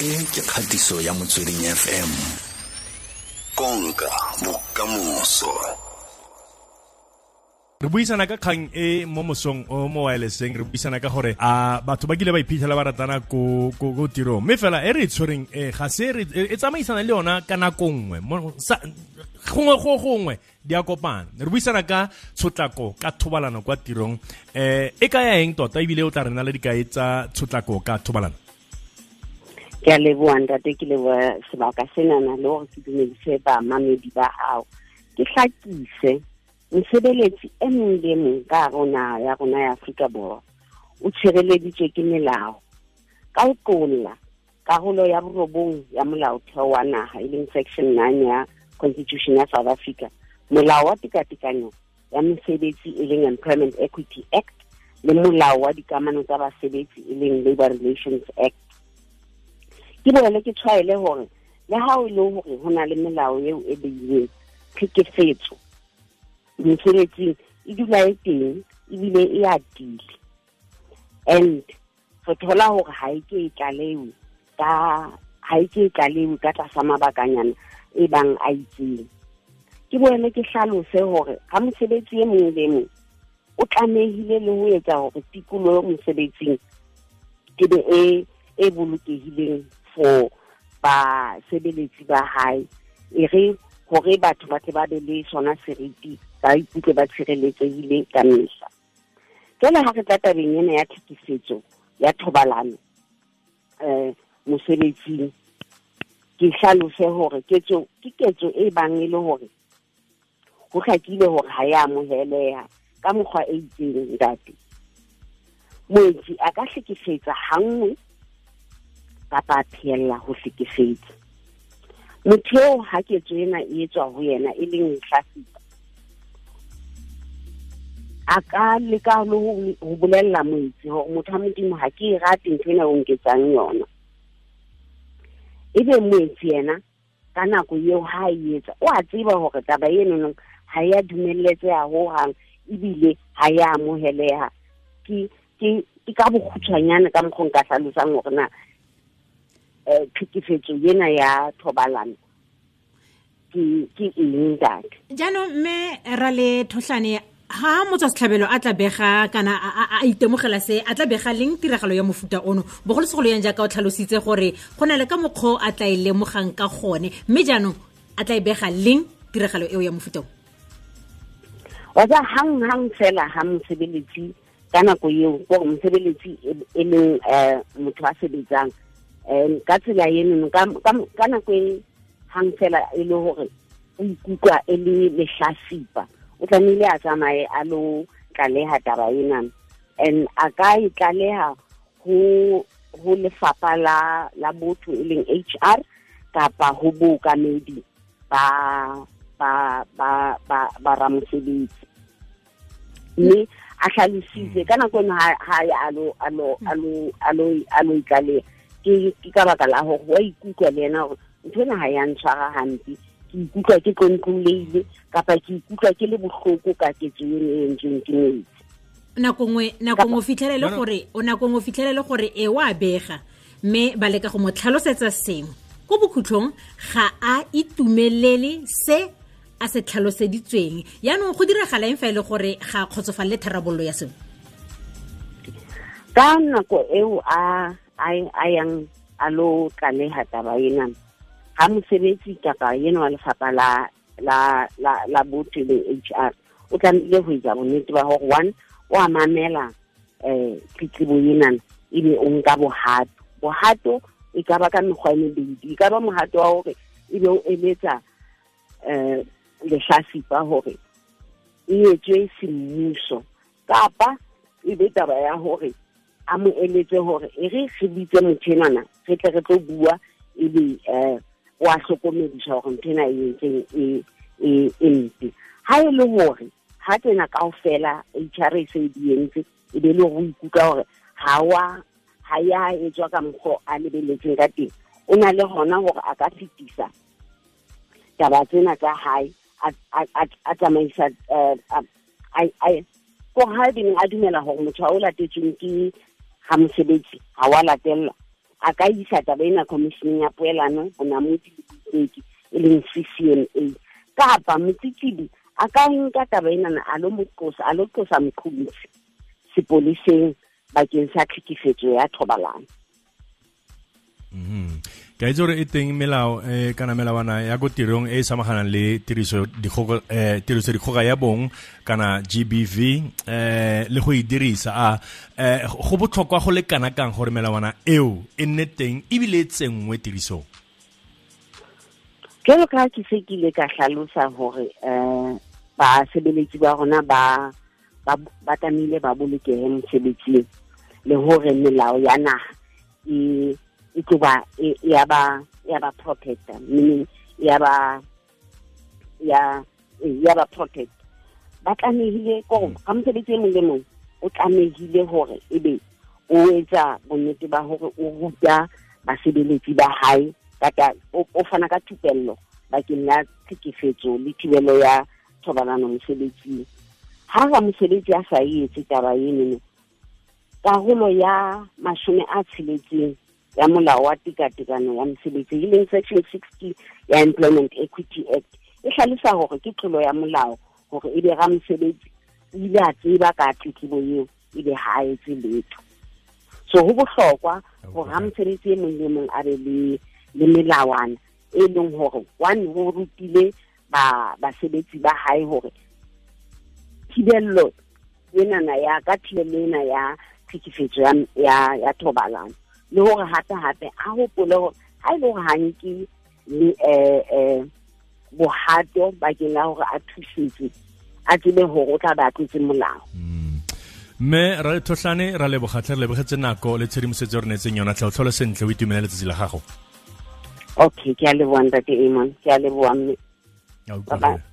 e ke kgatiso ya motsweding fm konka bokamoso re buisana ka kgang e mo mosong o mo wirelesseng re buisana ka gore a batho ba kile ba iphitlhela ba ratana ko tirong mme fela e re e tshwereng e ga se e, e, e tsamaisana le yona ka nako nngwe gongwe go gongwe di a kopana re buisana ka tshotlako ka thobalano kwa tirong um e ka ya eng tota ebile o tla re na le dikae tsa tshotlako ka thobalano ke a leboga ntate ke leboga sebaka senana le gore se dumedise bamamedi ba gago ke tlhakise mosebeletsi e mongwe le mongwe ka rona ya rona ya aforika borwa o tshireleditswe ke melao ka o tlolla karolo ya borobong ya molaotheo wa naga e leng section nine ya constitution ya south africa molao wa tekatekanyo ya mesebetsi e leng employment equity act le molao wa dikamano tsa basebetsi e leng labour relations act ke boele ke tshwaele gore le ga ha o le gore go na le melao eo e beileng tlhekefetso mosebetsing e dula e teng ebile e atile and go thola gore ga ha e ke e tlalewe ka ga ha e ke e tlalewe ka tlasa mabakanyana e bang a itseng ke boele ke tlhalose gore ga mosebetsi e mongwe le mongwe o tlamehile le go etsa gore tikolo mosebetsing ke be e, e bolokegileng for basebeletsi ba hae e re gore batho ba tle ba be le sona seriti ba ikutlwe ba tshireletsegile ka mehla jale ga re tla tabeng ena ya thekisetso ya thobalano um mosebetsing ke tlhalose gore ketso ke ketso e bang e le gore go tlhakile gore ga e amogeleha ka mokgwa e itseng ntate moetsi a ka hlekefetsa gangwe kapa phella ho hlekefetse motheo ha ketso ena e etswa ho yena e leng tlhasitsa a ka leka le ho bolella moetsi hore motho a modimo ha ke e rate ntho ena o nketsang yona ebe moetsi yena ka nako eo ha e etsa o a tseba hore taba eno ha ya dumeletseha hohang ebile ha ya amoheleha ke ke ka bokgutshwanyane ka mokgwa nka hlalosang hore na tlhekefetso eh, yena ya thobalano ke eng data jaanong mme ra le thotlhane ha motswa setlhabelo a tla bega kana a itemogela se a tla bega leng tiragalo ya mofuta ono bogolosegolo yang jaaka o tlhalositse gore go na le ka mokgwa a tla e lemogang ka gone mme jaanong a tla e bega leng tiragalo eo ya mofuta o wa tsa hang hang fela ha mosebeletsi ka nako eo ko mosebeletsi e, e leng um motho a sebetsang um ka tsela enono ka nako e gang fela e le gore o ikutlwa e le letlhasipa o tlamehile a tsamaye a lo tlaleha taba enano and a ka e tlaleha go lefapha la botho e leng h r kapa go bookamedi ba ba ba ba ba ramosebetsi mme a hlalositse ka nako eno ga ya e a alo alo alo alo itlaleha ke ka baka la gore wa ikutlwa le ena gore ntho ena ga ya ntshwara ke ikutlwa ke concolaile kapa ke ikutlwa ke le botlhoko ka ketso eno e entsweng ke metsi nakongwe o fitlhelele gore e wa bega mme ba leka go mo tlhalosetsa sengwe ko bokhutlhong ga a itumelele se a se tlhaloseditsweng yaanong go eng fa e le gore ga le tharabololo ya sengwe ka nako eo a a yang a lo tlaleha taba ena ga mosebetsi kapa eno wa lefapha la la la la botho le h r o tlamehile go etsa bonnete ba gore one o amamela um eh, tletlebo enana ebe o nka bogato bogato e ka ba ka mekgwa e e ka ba mogato wa hore ebe o eletsa um eh, lehlasipa gore e etswe semmuso kapa e be taba ya gore a mo eletse gore e re re bitse motho enana re tle re tlo bua ebe um eh, oa tlhokomedisa gore ntho ena e entseng e, e, e mpe ga e le gore ga tsena kao kaofela h r e di entse e be le go ikutlwa gore ga wa ha ya etswa ka mokgwa a lebeletseng ka teng o na le gona gore a ka fetisa taba tsena tsa gae a tsamaisa eh, ko ha e beneng a dumela gore motho a o latetsweng ke ga mosebetsi ga wa latelwa a ka isa taba ena commissioning ya poelano bonamodi eki e leng c c m a kapa motsitsibi a ka nka taba enana a lo moqosa a lo qosa moqhomisi sepoleseng bakeng sa tlhekefetso ya thobalano mm-hmm ka itse gore e teng melao eh, kana melawana ya ko tirong e e samaganang le tiriso eh, dikgoka ya bong kana gbv eh, le go e dirisa a eh, go botlhokwa go le kana kang gore melawana eo e nne teng ebile e tsenngwe tirisong jalo ka ke se ke ile ka tlhalosa gore um e, basebeletsi ba rona ba ba tlamehile ba bolokege mosebetsing le gore melao ya naga e icuba iyaba iyaba protecta meaning iyaba ya iyaba protect ba tlamehile ko ga hmm. mosebetsi e mong le mong o tlamehile hore ebe o etsa bonnete ba gore o ruta basebeletsi ba hae o fana ka thupello bakeng la tlhekefetso le thibelo ya thobalano mosebetsing ga ra mosebetsi a sa e etse taba enono karolo ya masome a tsheletseng ya molao wa tekatekano ya mosebetsi e leng section sixty ya employment equity act e tlhalosa gore ke tlolo ya molao gore e be ga mosebetsi ile a tseba ka tletlebo eo e be ga a e etse letho so go botlhokwa gore ga mosebetsi e mong le mong a be le melawana e leng gore one go rutile basebetsi ba gae gore thibello enana ya ka thibello ena ya tlhekefetso ya thobalano le hore hape hape a hopole hore ha e le hore ha nke le eh, eh bohato bakeng la hore a thusetse a tsebe hore o tla ba tlotse molao hmm. mme ra le thotlhane ra lebogatlhe re lebogetse nako le tshedimosetso e re neetseng yona tlha o tlhole sentle o itumela letsatsi la gago okay ke a leboa tate amon ke a leboa mme